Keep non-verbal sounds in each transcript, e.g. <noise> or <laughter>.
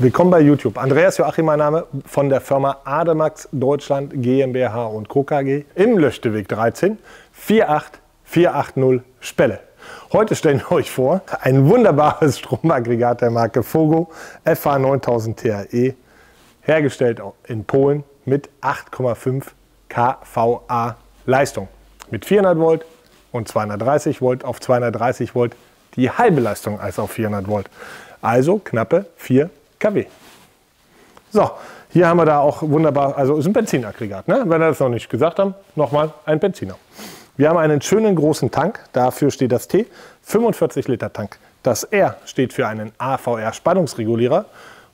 Willkommen bei YouTube. Andreas Joachim, mein Name von der Firma Ademax Deutschland GmbH und Co. KG im Löchteweg 13 48480 Spelle. Heute stellen wir euch vor ein wunderbares <laughs> Stromaggregat der Marke Fogo FH9000 THE, hergestellt in Polen mit 8,5 kVA Leistung. Mit 400 Volt und 230 Volt auf 230 Volt die halbe Leistung als auf 400 Volt. Also knappe 4 kW. So, hier haben wir da auch wunderbar, also ist ein Benzinaggregat, ne? wenn wir das noch nicht gesagt haben, nochmal ein Benziner. Wir haben einen schönen großen Tank, dafür steht das T, 45 Liter Tank. Das R steht für einen AVR-Spannungsregulierer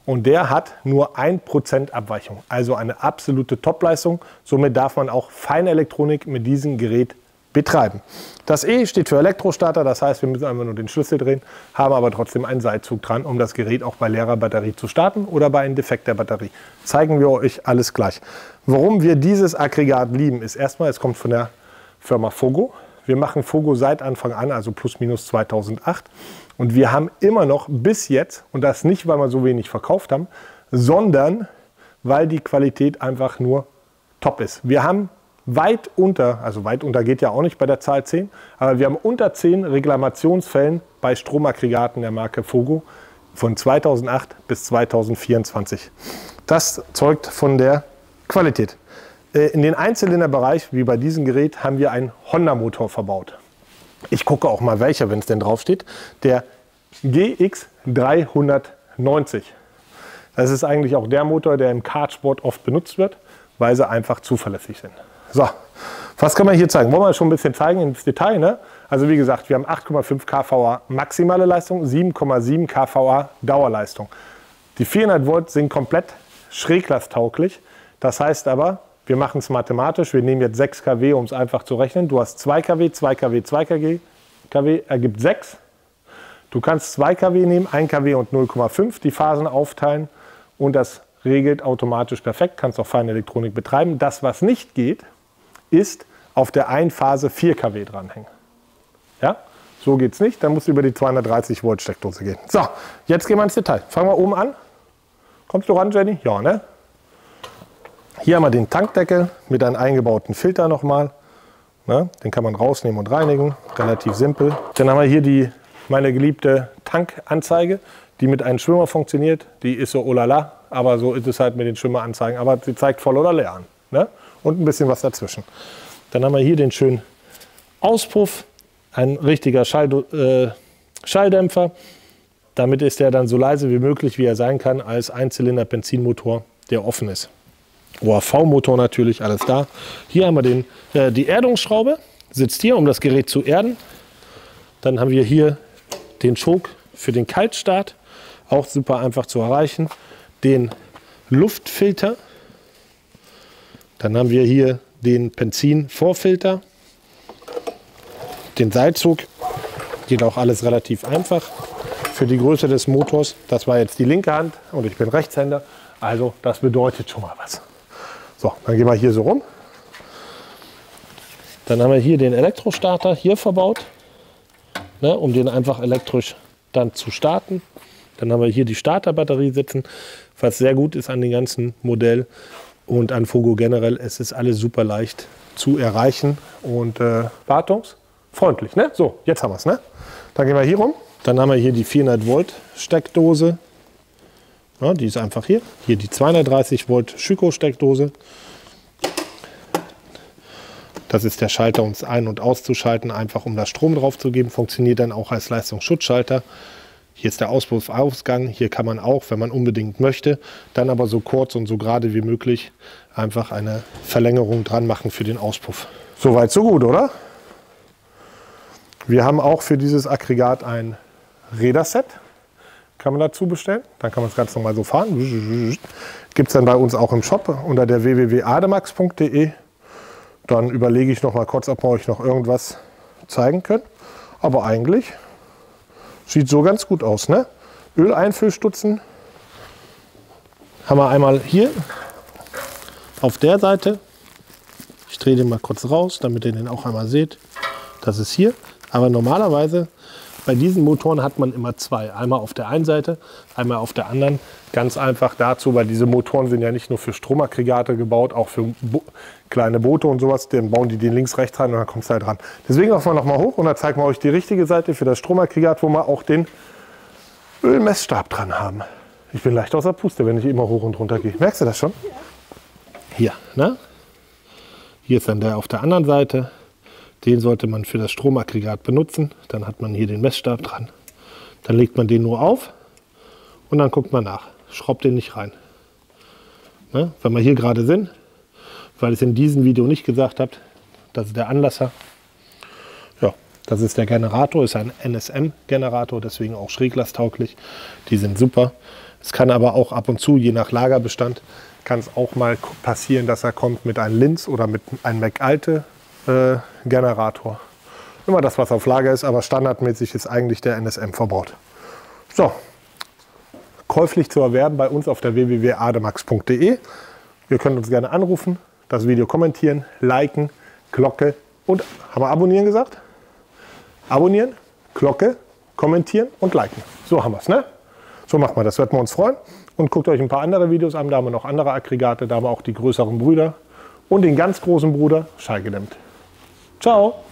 und der hat nur 1% Abweichung, also eine absolute Topleistung. Somit darf man auch Feinelektronik mit diesem Gerät betreiben. Das E steht für Elektrostarter, das heißt, wir müssen einfach nur den Schlüssel drehen, haben aber trotzdem einen Seilzug dran, um das Gerät auch bei leerer Batterie zu starten oder bei einem Defekt der Batterie. Zeigen wir euch alles gleich. Warum wir dieses Aggregat lieben, ist erstmal, es kommt von der Firma Fogo. Wir machen Fogo seit Anfang an, also plus minus 2008. Und wir haben immer noch bis jetzt, und das nicht, weil wir so wenig verkauft haben, sondern weil die Qualität einfach nur top ist. Wir haben weit unter, also weit unter geht ja auch nicht bei der Zahl 10, aber wir haben unter 10 Reklamationsfällen bei Stromaggregaten der Marke Fogo von 2008 bis 2024. Das zeugt von der Qualität. Äh, in den Einzylinderbereich, wie bei diesem Gerät, haben wir einen Honda-Motor verbaut. Ich gucke auch mal welcher, wenn es denn draufsteht. Der GX390. Das ist eigentlich auch der Motor, der im Kartsport oft benutzt wird, weil sie einfach zuverlässig sind. So, was kann man hier zeigen? Wollen wir schon ein bisschen zeigen ins Detail, ne? Also wie gesagt, wir haben 8,5 kVA maximale Leistung, 7,7 kVA Dauerleistung. Die 400 Volt sind komplett schräglasttauglich. Das heißt aber, wir machen es mathematisch. Wir nehmen jetzt 6 kW, um es einfach zu rechnen. Du hast 2 kW, 2 kW, 2 kW, kW ergibt 6. Du kannst 2 kW nehmen, 1 kW und 0,5, die Phasen aufteilen und das regelt automatisch perfekt. Kannst auch Feinelektronik betreiben. Das, was nicht geht, ist auf der Einphase 4 kW dranhängen. Ja? So geht es nicht, dann muss über die 230 Volt Steckdose gehen. So, jetzt gehen wir ins Detail. Fangen wir oben an. Kommst du ran, Jenny? Ja, ne? Hier haben wir den Tankdeckel mit einem eingebauten Filter nochmal. Ne? Den kann man rausnehmen und reinigen, relativ simpel. Dann haben wir hier die, meine geliebte Tankanzeige, die mit einem Schwimmer funktioniert. Die ist so olala, oh aber so ist es halt mit den Schwimmeranzeigen. Aber sie zeigt voll oder leer an. Ne? und ein bisschen was dazwischen. Dann haben wir hier den schönen Auspuff, ein richtiger Schall, äh, Schalldämpfer. Damit ist er dann so leise wie möglich, wie er sein kann, als Einzylinder-Benzinmotor, der offen ist. OAV-Motor natürlich, alles da. Hier haben wir den, äh, die Erdungsschraube, sitzt hier, um das Gerät zu erden. Dann haben wir hier den Schok für den Kaltstart, auch super einfach zu erreichen. Den Luftfilter, dann haben wir hier den Benzin-Vorfilter, den Seilzug. Geht auch alles relativ einfach für die Größe des Motors. Das war jetzt die linke Hand und ich bin Rechtshänder. Also das bedeutet schon mal was. So, dann gehen wir hier so rum. Dann haben wir hier den Elektrostarter hier verbaut, ne, um den einfach elektrisch dann zu starten. Dann haben wir hier die Starterbatterie sitzen, was sehr gut ist an dem ganzen Modell. Und an Fogo generell, es ist alles super leicht zu erreichen und äh, wartungsfreundlich. Ne? So, jetzt haben wir es. Ne? Dann gehen wir hier rum. Dann haben wir hier die 400 Volt Steckdose. Ja, die ist einfach hier. Hier die 230 Volt Schüko Steckdose. Das ist der Schalter, um es ein- und auszuschalten, einfach um da Strom drauf zu geben. Funktioniert dann auch als Leistungsschutzschalter. Hier ist der Auspuffausgang, hier kann man auch, wenn man unbedingt möchte, dann aber so kurz und so gerade wie möglich einfach eine Verlängerung dran machen für den Auspuff. Soweit, so gut, oder? Wir haben auch für dieses Aggregat ein Räderset, kann man dazu bestellen. Dann kann man es ganz normal so fahren. Gibt es dann bei uns auch im Shop unter der www.ademax.de. Dann überlege ich noch mal kurz, ob wir euch noch irgendwas zeigen können. Aber eigentlich Sieht so ganz gut aus, ne? Öleinfüllstutzen haben wir einmal hier auf der Seite. Ich drehe den mal kurz raus, damit ihr den auch einmal seht. Das ist hier. Aber normalerweise bei diesen Motoren hat man immer zwei. Einmal auf der einen Seite, einmal auf der anderen. Ganz einfach dazu, weil diese Motoren sind ja nicht nur für Stromaggregate gebaut, auch für Bo kleine Boote und sowas. Dann bauen die den links, rechts rein und dann kommt es halt dran. Deswegen auch wir nochmal hoch und dann zeigen wir euch die richtige Seite für das Stromaggregat, wo wir auch den Ölmessstab dran haben. Ich bin leicht außer Puste, wenn ich immer hoch und runter gehe. Merkst du das schon? Ja. Hier, ne? Hier ist dann der auf der anderen Seite. Den sollte man für das Stromaggregat benutzen. Dann hat man hier den Messstab dran. Dann legt man den nur auf und dann guckt man nach. Schraubt den nicht rein. Ne? Wenn wir hier gerade sind, weil ich es in diesem Video nicht gesagt habe, das ist der Anlasser. Ja, das ist der Generator, ist ein NSM-Generator, deswegen auch schräglasttauglich. Die sind super. Es kann aber auch ab und zu, je nach Lagerbestand, kann es auch mal passieren, dass er kommt mit einem Linz oder mit einem McAlte äh, Generator. Immer das, was auf Lager ist, aber standardmäßig ist eigentlich der NSM verbaut. So, käuflich zu erwerben bei uns auf der www.ademax.de. Ihr könnt uns gerne anrufen, das Video kommentieren, liken, Glocke und, haben wir abonnieren gesagt? Abonnieren, Glocke, kommentieren und liken. So haben wir es, ne? So machen wir das, wird wir uns freuen. Und guckt euch ein paar andere Videos an, da haben wir noch andere Aggregate, da haben wir auch die größeren Brüder und den ganz großen Bruder, Schallgedämmt. Ciao!